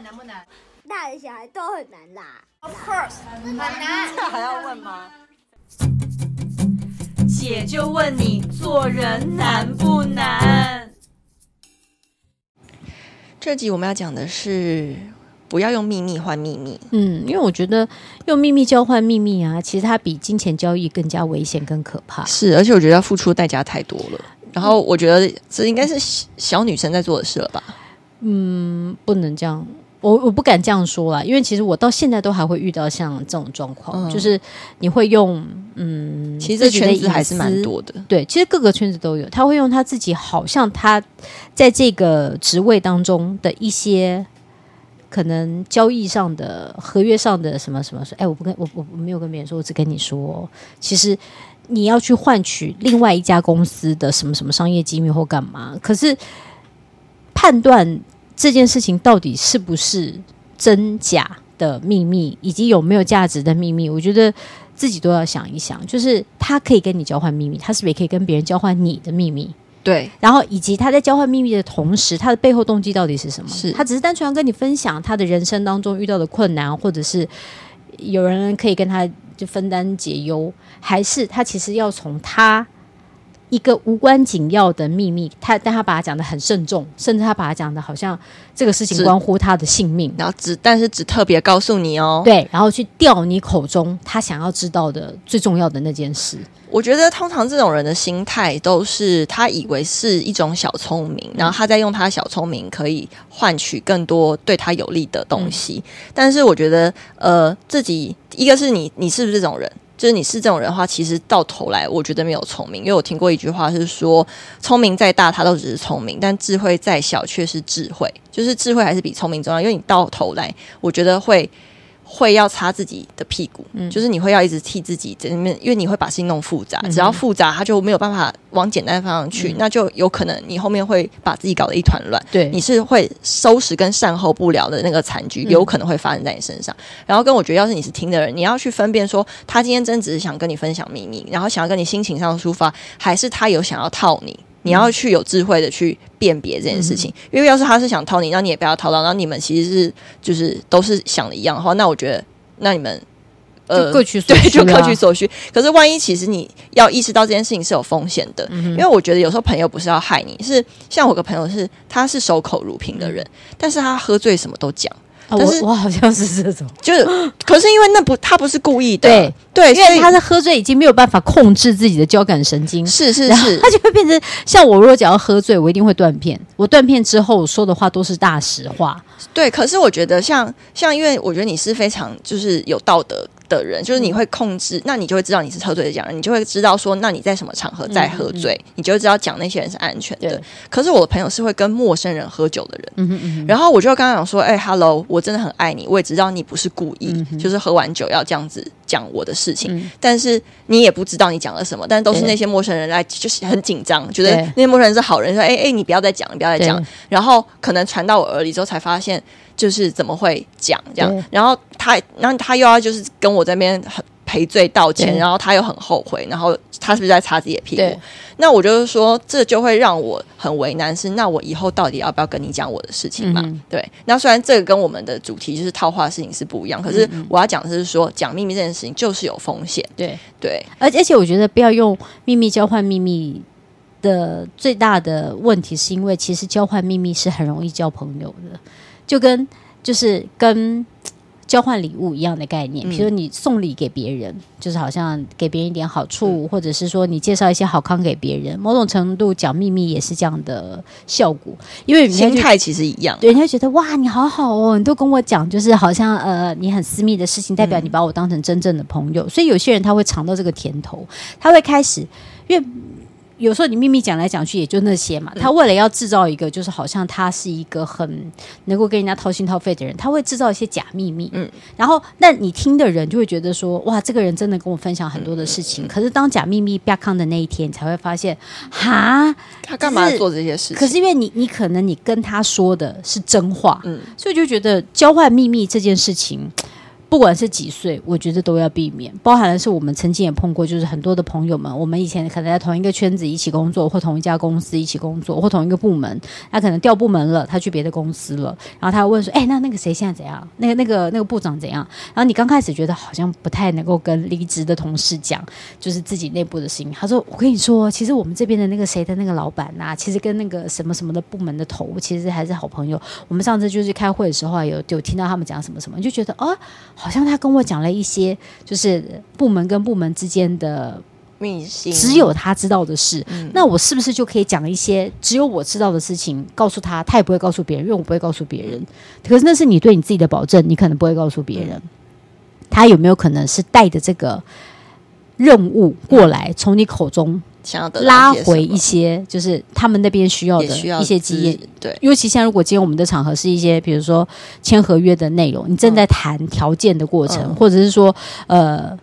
難不難？大人小孩都很難啦。Of course，很難。這還要問嗎？姐就問你做人難不難？這集我們要講的是不要用秘密換秘密。嗯，因為我覺得用秘密交換秘密啊，其實它比金錢交易更加危險、更可怕。是，而且我覺得要付出的代價太多了。嗯，然後我覺得這應該是小女生在做的事了吧？嗯，不能這樣。我我不敢這樣說啊，因為其實我到現在都還會遇到像這種狀況，嗯、就是你會用嗯，其實這圈子還是蠻多的，對，其實各個圈子都有，他會用他自己好像他在這個職位當中的一些可能交易上的合約上的什麼什麼說，哎、欸，我不跟我我我沒有跟別人說，我只跟你說，其實你要去換取另外一家公司的什麼什麼商業機密或幹嘛，可是判斷。這件事情到底是不是真假的秘密，以及有沒有價值的秘密？我覺得自己都要想一想。就是他可以跟你交換秘密，他是不是也可以跟別人交換你的秘密？對。然後以及他在交換秘密的同時，他的背後動機到底是什麼？是他只是單純要跟你分享他的人生當中遇到的困難，或者是有人可以跟他就分擔解憂，還是他其實要從他？一個無關緊要的秘密，他但他把他講的很慎重，甚至他把他講的好像這個事情關乎他的性命。然後只但是只特別告訴你哦，對，然後去釣你口中他想要知道的最重要的那件事。我覺得通常這種人的心態都是他以為是一種小聰明，嗯、然後他在用他的小聰明可以換取更多對他有利的東西。嗯、但是我覺得，呃，自己一個是你，你是不是這種人？就是你是這種人的話，其實到頭來，我覺得沒有聰明，因為我聽過一句話是說，聰明再大，他都只是聰明；但智慧再小，卻是智慧。就是智慧還是比聰明重要，因為你到頭來，我覺得會。會要擦自己的屁股，嗯、就是你會要一直替自己在裡面，因為你會把事情弄複雜。只要複雜，他就沒有辦法往簡單方向去，嗯、那就有可能你後面會把自己搞得一團亂。對，你是會收拾跟善後不了的那個殘局，有可能會發生在你身上。嗯、然後跟我覺得，要是你是聽的人，你要去分辨說，他今天真的只是想跟你分享秘密，然後想要跟你心情上抒發，還是他有想要套你。你要去有智慧的去辨別這件事情，嗯、哼因為要是他是想掏你，那你也不要掏到，那你們其實是就是、就是、都是想的一樣的話，那我覺得那你們呃各取所，對，就各取所需。可是萬一其實你要意識到這件事情是有風險的，嗯、哼因為我覺得有時候朋友不是要害你是，是像我個朋友是他是守口如瓶的人，嗯、哼但是他喝醉什麼都講。啊、我我好像是這種，就是可是因為那不他不是故意的，對對，對，因為他是喝醉已經沒有辦法控制自己的交感神經，是是是，他就會變成是是是像我，如果只要喝醉，我一定會斷片，我斷片之後說的話都是大實話。對，可是我覺得像像，因為我覺得你是非常就是有道德。的人，就是你會控制，那你就會知道你是喝醉的講人，你就會知道說，那你在什麼場合在喝醉，嗯嗯嗯，你就會知道講那些人是安全的。對可是我的朋友是會跟陌生人喝酒的人，嗯哼嗯哼，然後我就剛剛講說，哎、欸、，hello，我真的很愛你，我也知道你不是故意，嗯、哼就是喝完酒要這樣子講我的事情，嗯、但是你也不知道你講了什麼，但是都是那些陌生人來，嗯、就是很緊張，對覺得那些陌生人是好人，說，哎、欸、哎、欸，你不要再講，你不要再講，對然後可能傳到我耳裡之後才發現。就是怎麼會講這樣？對然後他，然後他又要就是跟我這邊很賠罪道歉，對然後他又很後悔，然後他是不是在擦自己的屁股？對那我就是說，這就會讓我很為難是，是那我以後到底要不要跟你講我的事情嘛？嗯、哼對，那雖然這個跟我們的主題就是套話的事情是不一樣，嗯、哼可是我要講的是說，講秘密這件事情就是有風險。對對，而對對而且我覺得不要用秘密交換秘密的最大的問題，是因為其實交換秘密是很容易交朋友的。就跟就是跟交換禮物一樣的概念，比如說你送禮給別人，嗯、就是好像給別人一點好處，嗯、或者是說你介紹一些好康給別人，某種程度講秘密也是這樣的效果，因為人心態其實一樣，人家覺得哇，你好好哦，你都跟我講，就是好像呃你很私密的事情，代表你把我當成真正的朋友，嗯、所以有些人他會嘗到這個甜頭，他會開始因為。有時候你秘密講來講去也就那些嘛。他為了要制造一個，嗯、就是好像他是一個很能夠跟人家掏心掏肺的人，他會制造一些假秘密。嗯，然後那你聽的人就會覺得說，哇，這個人真的跟我分享很多的事情。嗯嗯嗯、可是當假秘密 back on 的那一天，你才會發現，哈，他幹嘛、就是、做這些事情？可是因為你，你可能你跟他說的是真話，嗯，所以就覺得交換秘密這件事情。不管是幾歲，我覺得都要避免。包含的是我們曾經也碰過，就是很多的朋友們，我們以前可能在同一個圈子一起工作，或同一家公司一起工作，或同一個部門。他、啊、可能調部門了，他去別的公司了，然後他問說：“哎、欸，那那個誰現在怎樣？那個那個那個部長怎樣？”然後你剛開始覺得好像不太能夠跟離職的同事講，就是自己內部的事情。他說：“我跟你說，其實我們這邊的那個誰的那個老板吶、啊，其實跟那個什麼什麼的部門的頭，其實還是好朋友。我們上次就是開會的時候，有有聽到他們講什麼什麼，就覺得哦。啊”好像他跟我講了一些，就是部門跟部門之間的秘密，只有他知道的事。嗯、那我是不是就可以講一些只有我知道的事情告訴他？他也不會告訴別人，因為我不會告訴別人。可是那是你對你自己的保證，你可能不會告訴別人。嗯、他有沒有可能是帶着這個任務過來，從、嗯、你口中？想要得到拉回一些，就是他們那邊需要的一些資源，對。尤其像如果今天我們的場合是一些，比如說簽合約的內容，嗯、你正在談條件的過程，嗯、或者是說，呃。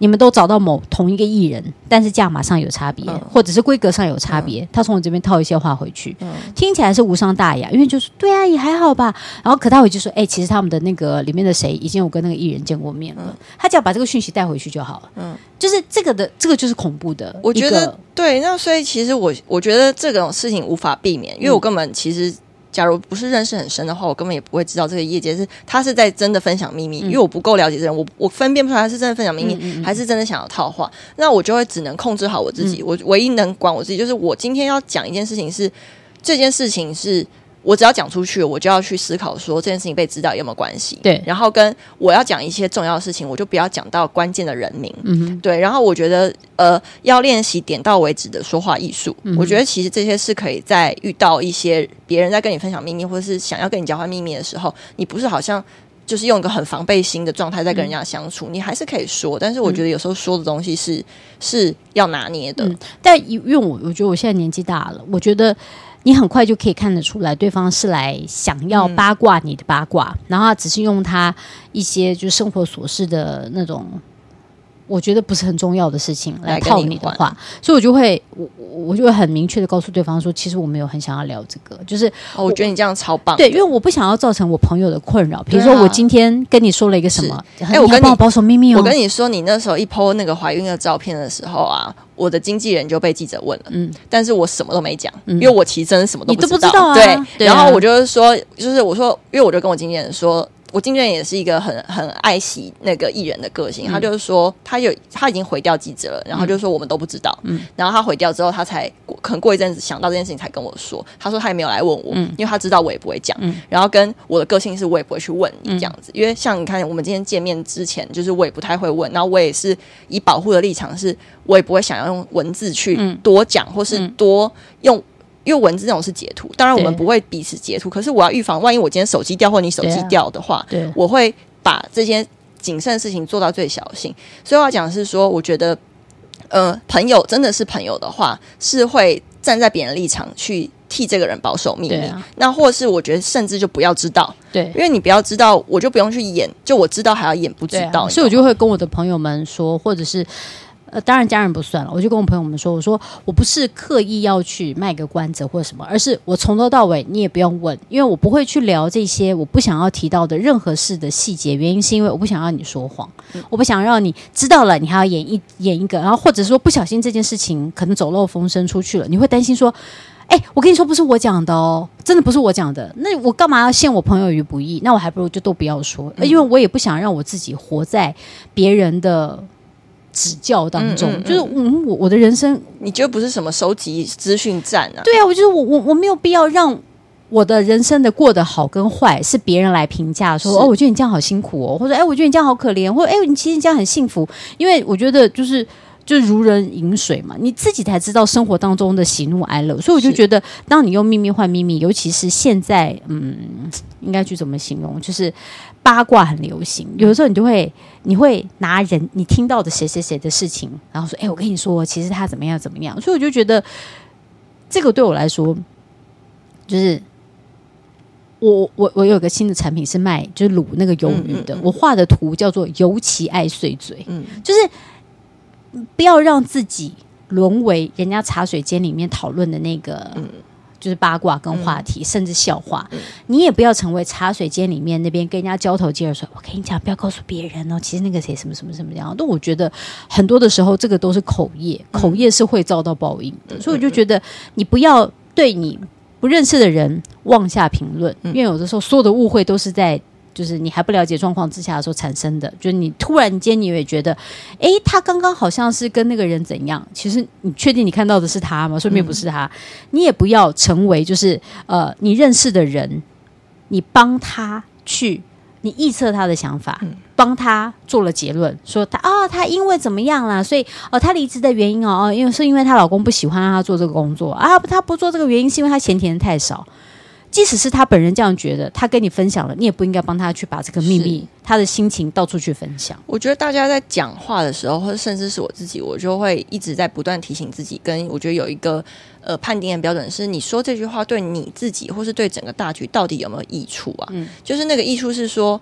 你們都找到某同一個藝人，但是價碼上有差別，嗯、或者是規格上有差別，嗯、他從我這邊套一些話回去，嗯、聽起來是無傷大雅，因為就是對啊，也還好吧。然後可他回去就說，哎、欸，其實他們的那個裡面的誰已經有跟那個藝人見過面了，嗯、他只要把這個訊息帶回去就好了。嗯，就是這個的，這個就是恐怖的。我覺得個對，那所以其實我我覺得這種事情無法避免，嗯、因為我根本其實。假如不是認識很深的話，我根本也不會知道這個業界是他是在真的分享秘密，嗯、因為我不夠了解這人，我我分辨不出來他是真的分享秘密，嗯嗯嗯，還是真的想要套話，那我就會只能控制好我自己，我唯一能管我自己就是我今天要講一件事情是，這件事情是。我只要講出去，我就要去思考說這件事情被知道有沒有關係。對，然後跟我要講一些重要的事情，我就不要講到關鍵的人名。嗯哼，對。然後我覺得，呃，要練習點到為止的說話藝術。嗯哼，我覺得其實這些是可以在遇到一些別人在跟你分享秘密，或者是想要跟你交換秘密的時候，你不是好像。就是用一個很防備心的狀態在跟人家相處，嗯、你還是可以說，但是我覺得有時候說的東西是、嗯、是要拿捏的、嗯。但因為我，我覺得我現在年紀大了，我覺得你很快就可以看得出來，對方是來想要八卦你的八卦，嗯、然後只是用他一些就是生活瑣事的那種。我覺得不是很重要的事情來套你的話，所以我就會我我就會很明確的告訴對方說，其實我沒有很想要聊這個。就是哦，我覺得你這樣超棒，對，因為我不想要造成我朋友的困擾。啊、比如說我今天跟你說了一個什麼，哎，欸、我跟你保守秘密，哦我。我跟你說，你那時候一 po 那個懷孕的照片的時候啊，我的經紀人就被記者問了，嗯，但是我什麼都沒講，嗯、因為我其實真的什麼都不你都不知道，啊。對，對啊、然後我就是說，就是我說，因為我就跟我經紀人說。我經紀人也是一個很很愛惜那個藝人的個性，嗯、他就是說他有他已經回掉記者了，嗯、然後就是說我們都不知道，嗯，然後他回掉之後，他才可能過一陣子想到這件事情才跟我說，他說他也沒有來問我，嗯、因為他知道我也不會講，嗯，然後跟我的個性是我也不會去問你這樣子，嗯、因為像你看我們今天見面之前，就是我也不太會問，然後我也是以保護的立場是，我也不會想要用文字去多講、嗯、或是多用。因為文字這種是截圖，當然我們不會彼此截圖。對可是我要預防，萬一我今天手機掉或你手機掉的話，對啊、對，我會把這些謹慎的事情做到最小心。所以我要講的是說，我覺得，呃，朋友真的是朋友的話，是會站在別人立場去替這個人保守秘密。啊、那或是我覺得，甚至就不要知道。對，因為你不要知道，我就不用去演。就我知道還要演不知道，啊、知道，所以我就會跟我的朋友們說，或者是。呃，當然家人不算了。我就跟我朋友們說，我說我不是刻意要去賣個關子或者什麼，而是我從頭到尾你也不用問，因為我不會去聊這些我不想要提到的任何事的細節。原因是因為我不想讓你說謊，嗯、我不想讓你知道了你還要演一演一個，然後或者說不小心這件事情可能走漏風聲出去了，你會擔心說，哎、欸，我跟你說不是我講的哦，真的不是我講的。那我幹嘛要陷我朋友於不義？那我還不如就都不要說，嗯呃、因為我也不想讓我自己活在別人的，指教當中，嗯嗯、就是嗯，我我的人生，你覺得不是什麼收集資訊站啊？對啊，我覺得我我我沒有必要讓我的人生的過得好跟壞是別人來評價說，哦是，我覺得你這樣好辛苦哦，或者哎，我覺得你這樣好可憐，或者哎，你其實你這樣很幸福，因為我覺得就是。就如人飲水嘛，你自己才知道生活當中的喜怒哀樂，所以我就覺得，是當你用秘密換秘密，尤其是現在，嗯，應該去怎麼形容，就是八卦很流行，有的時候你就會，你會拿人你聽到的誰誰誰的事情，然後說，哎，我跟你說，其實他怎麼樣怎麼樣，所以我就覺得，這個對我來說，就是我我我有個新的產品是賣，就是滷那個魷魚的、嗯，嗯嗯、我畫的圖叫做尤其愛碎嘴，嗯、就是。不要讓自己淪為人家茶水間裡面討論的那個，就是八卦跟話題，嗯、甚至笑話。嗯、你也不要成為茶水間裡面那邊跟人家交頭接耳說：“我跟你講，不要告訴別人哦。”其實那個誰什麼什麼什麼的。那我覺得很多的時候，這個都是口業，嗯、口業是會遭到報應的。嗯、所以我就覺得，你不要對你不認識的人妄下評論，嗯、因為有的時候所有的誤會都是在。就是你還不了解狀況之下的所產生的，就是你突然間你會覺得，哎、欸，他剛剛好像是跟那個人怎樣？其實你確定你看到的是他嗎？說明不是他。嗯、你也不要成為就是呃，你認識的人，你幫他去，你預測他的想法，幫、嗯、他做了結論，說他哦，他因為怎麼樣啦。所以哦、呃，他離職的原因哦哦，因為是因為她老公不喜歡讓她做這個工作啊，他不做這個原因是因為他嫌錢太少。即使是他本人這樣覺得，他跟你分享了，你也不應該幫他去把這個秘密、是他的心情到處去分享。我覺得大家在講話的時候，或者甚至是我自己，我就會一直在不斷提醒自己，跟我覺得有一個呃判定的標準是：你說這句話對你自己，或是對整個大局，到底有沒有益處啊？嗯，就是那個益處是說，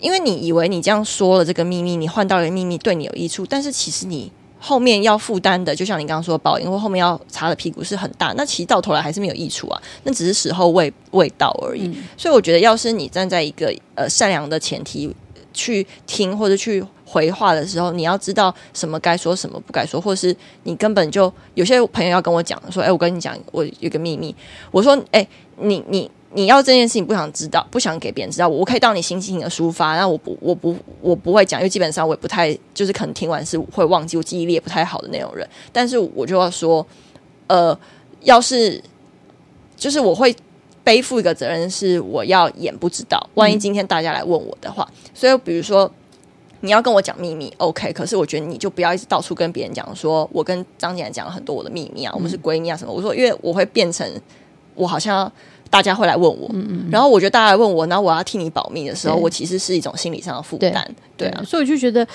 因為你以為你這樣說了這個秘密，你換到了秘密對你有益處，但是其實你。後面要負擔的，就像你剛剛說報應，因為後面要擦的屁股是很大，那其實到頭來還是沒有益處啊，那只是時候未未到而已。嗯、所以我覺得，要是你站在一個呃善良的前提去聽或者去回話的時候，你要知道什麼該說，什麼不該說，或者是你根本就有些朋友要跟我講說，誒、哎，我跟你講，我有個秘密，我說，誒、哎，你你。你要這件事情不想知道，不想給別人知道我，我可以當你心情的抒發。那我不，我不，我不會講，因為基本上我也不太，就是可能聽完是會忘記，我記憶力也不太好的那種人。但是我就要說，呃，要是就是我會背負一個責任，是我要演不知道。萬一今天大家來問我的話，嗯、所以比如說你要跟我講秘密，OK。可是我覺得你就不要一直到處跟別人講，說我跟張姐講了很多我的秘密啊，我們是閨蜜啊什麼。嗯、我說，因為我會變成我好像。大家會來問我，嗯嗯，然後我覺得大家來問我，然後我要替你保密的時候，對，我其實是一種心理上的負擔，對，對啊對，所以我就覺得，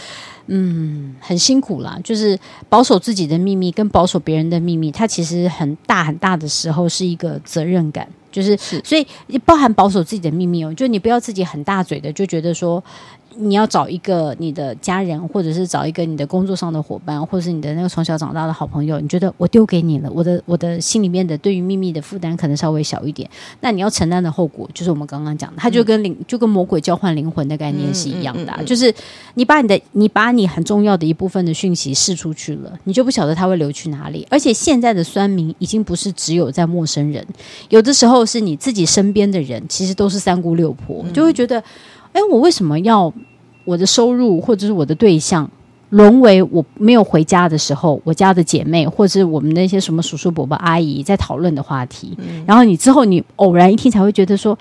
嗯，很辛苦啦。就是保守自己的秘密跟保守別人的秘密，它其實很大很大的時候是一個責任感，就是，是所以包含保守自己的秘密哦、喔，就你不要自己很大嘴的就覺得說。你要找一個你的家人，或者是找一個你的工作上的夥伴，或者是你的那個從小長大的好朋友。你覺得我丟給你了，我的我的心裡面的對於秘密的負擔可能稍微小一點。那你要承擔的後果，就是我們剛剛講的，它就跟靈，嗯，就跟魔鬼交換靈魂的概念是一樣的啊，嗯嗯嗯嗯，就是你把你的你把你很重要的一部分的訊息釋出去了，你就不曉得它會流去哪裡。而且現在的酸民已經不是只有在陌生人，有的時候是你自己身邊的人，其實都是三姑六婆，就會覺得，哎，我為什麼要？我的收入或者是我的對象，淪為我沒有回家的時候，我家的姐妹或者是我們那些什麼叔叔伯伯阿姨在討論的話題。嗯、然後你之後你偶然一聽才會覺得說，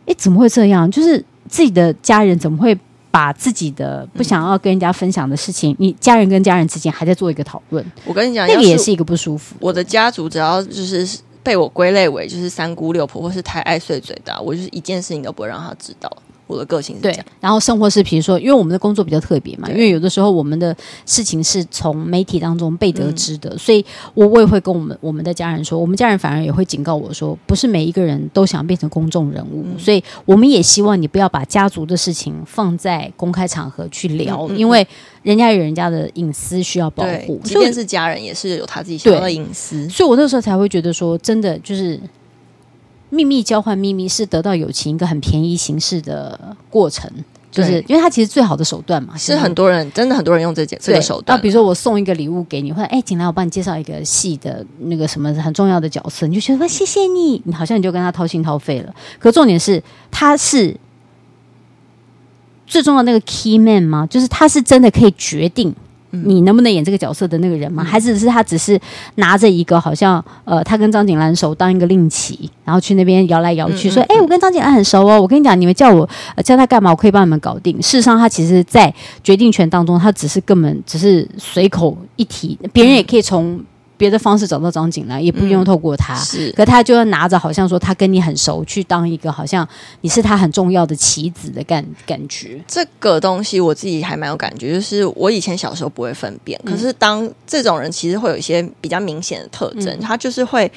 哎、欸，怎麼會這樣？就是自己的家人怎麼會把自己的不想要跟人家分享的事情，嗯、你家人跟家人之間還在做一個討論。我跟你講，這個也是一個不舒服。我的家族只要就是被我歸類為就是三姑六婆婆是太愛碎嘴的，我就是一件事情都不會讓她知道。我的個性對，然後生活是，比如說，因為我們的工作比較特別嘛，對因為有的時候我們的事情是從媒體當中被得知的，嗯、所以我，我也會跟我們我們的家人說，我們家人反而也會警告我說，不是每一個人都想變成公眾人物，嗯、所以我們也希望你不要把家族的事情放在公開場合去聊，對因為人家有人家的隱私需要保護，對以即便是家人也是有他自己想要的隱私，所以我那時候才會覺得說，真的就是。秘密交換秘密是得到友情一個很便宜形式的過程，就是對因為他其實最好的手段嘛，是很多人真的很多人用這件對這個手段、啊。比如說我送一個禮物給你，或者哎進來我幫你介紹一個戲的那個什麼很重要的角色，你就覺得哇，謝謝你，你好像你就跟他掏心掏肺了。可重點是他是最重要的那個 key man 嗎？就是他是真的可以決定。你能不能演這個角色的那個人嗎？嗯、還是只是他只是拿着一個好像呃，他跟張景蘭熟，當一個令旗，然後去那邊搖來搖去，嗯嗯嗯說：“哎、欸，我跟張景蘭很熟哦，我跟你講，你們叫我叫他幹嘛？我可以幫你們搞定。”事實上，他其實，在決定權當中，他只是根本只是隨口一提，別人也可以從。嗯別的方式找到張景來，也不用透過他。嗯、是，可是他就要拿着，好像說他跟你很熟，去當一個好像你是他很重要的棋子的感感覺。這個東西我自己還蠻有感覺，就是我以前小時候不會分辨，嗯、可是當這種人其實會有一些比較明顯的特徵，嗯、他就是會。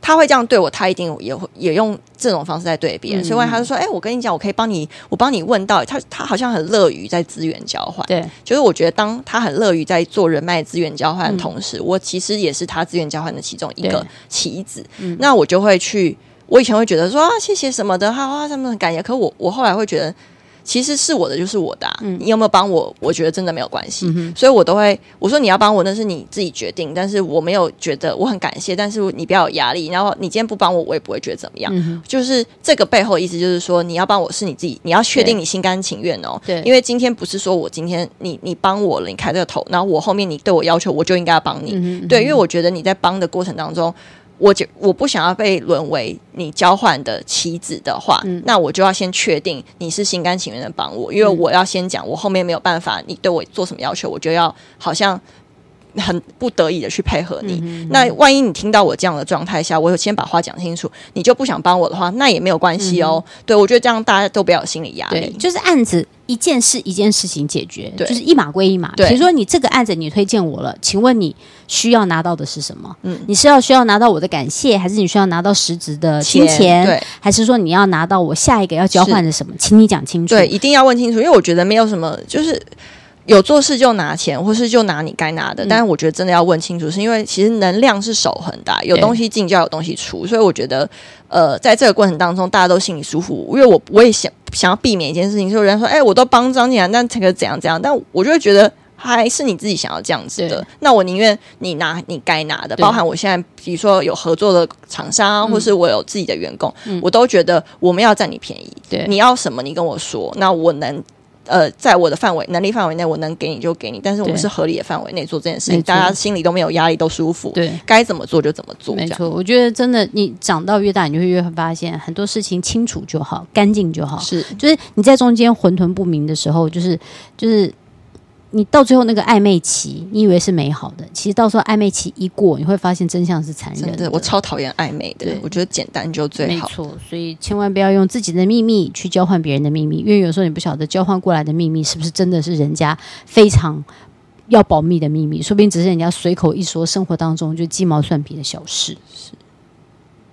他會這樣對我，他一定也會也用這種方式在對別人。嗯、所以，後來他就說：“哎、欸，我跟你講，我可以幫你，我幫你問到他。他好像很樂於在資源交換。對，就是我覺得，當他很樂於在做人脈資源交換的同時，嗯、我其實也是他資源交換的其中一個棋子。對那我就會去，我以前會覺得說、啊、謝謝什麼的，哈、啊、哈、啊，什麼的感覺。可我我後來會覺得。”其實是我的就是我的、啊，你有沒有幫我？我覺得真的沒有關係，嗯、哼所以我都會我說，你要幫我，那是你自己決定。但是我沒有覺得我很感謝，但是你不要有壓力。然後你今天不幫我，我也不會覺得怎麼樣。嗯、哼就是這個背後意思，就是說你要幫我是你自己，你要確定你心甘情願哦、喔。對因為今天不是說我今天你你幫我了，你開這個頭，然後我後面你對我要求，我就應該要幫你。嗯、哼對，因為我覺得你在幫的過程當中。我就我不想要被淪為你交換的棋子的話，嗯、那我就要先確定你是心甘情願的幫我，因為我要先講，我後面沒有辦法，你對我做什麼要求，我就要好像很不得已的去配合你。嗯嗯，那萬一你聽到我這樣的狀態下，我先把話講清楚，你就不想幫我的話，那也沒有關係哦。嗯、對我覺得這樣大家都不要有心理壓力，就是案子。一件事一件事情解決，對就是一碼歸一碼。比如對說，你這個案子你推薦我了，請問你需要拿到的是什麼？嗯，你是要需要拿到我的感謝，還是你需要拿到實質的金錢？錢對，還是說你要拿到我下一個要交換的什麼？是請你講清楚。對，一定要問清楚，因為我覺得沒有什麼就是有做事就拿錢，或是就拿你該拿的。嗯、但是我覺得真的要問清楚，是因為其實能量是守恆的，有東西進就要有東西出。對所以我覺得，呃，在這個過程當中，大家都心裡舒服，因為我我也想。想要避免一件事情，就有人說：“哎、欸，我都幫張你雅，那這個怎樣怎樣？”但我就會覺得，還是你自己想要這樣子的。對那我寧願你拿你該拿的，對包含我現在比如說有合作的廠商，嗯、或是我有自己的員工，嗯、我都覺得我們要占你便宜。對你要什麼，你跟我說，那我能。呃，在我的範圍能力範圍內，我能給你就給你，但是我們是合理的範圍內做這件事情，大家心裡都沒有壓力，都舒服。對，該怎麼做就怎麼做。沒錯，我覺得真的，你長到越大，你就會越會發現很多事情清楚就好，乾淨就好。是，就是你在中間混沌不明的時候，就是就是。你到最後那個曖昧期，你以為是美好的，其實到時候曖昧期一過，你會發現真相是殘忍的。真的，我超討厭曖昧的，對我覺得簡單就最好。沒錯，所以千萬不要用自己的秘密去交換別人的秘密，因為有時候你不曉得交換過來的秘密是不是真的是人家非常要保密的秘密，說不定只是人家隨口一說，生活當中就雞毛蒜皮的小事。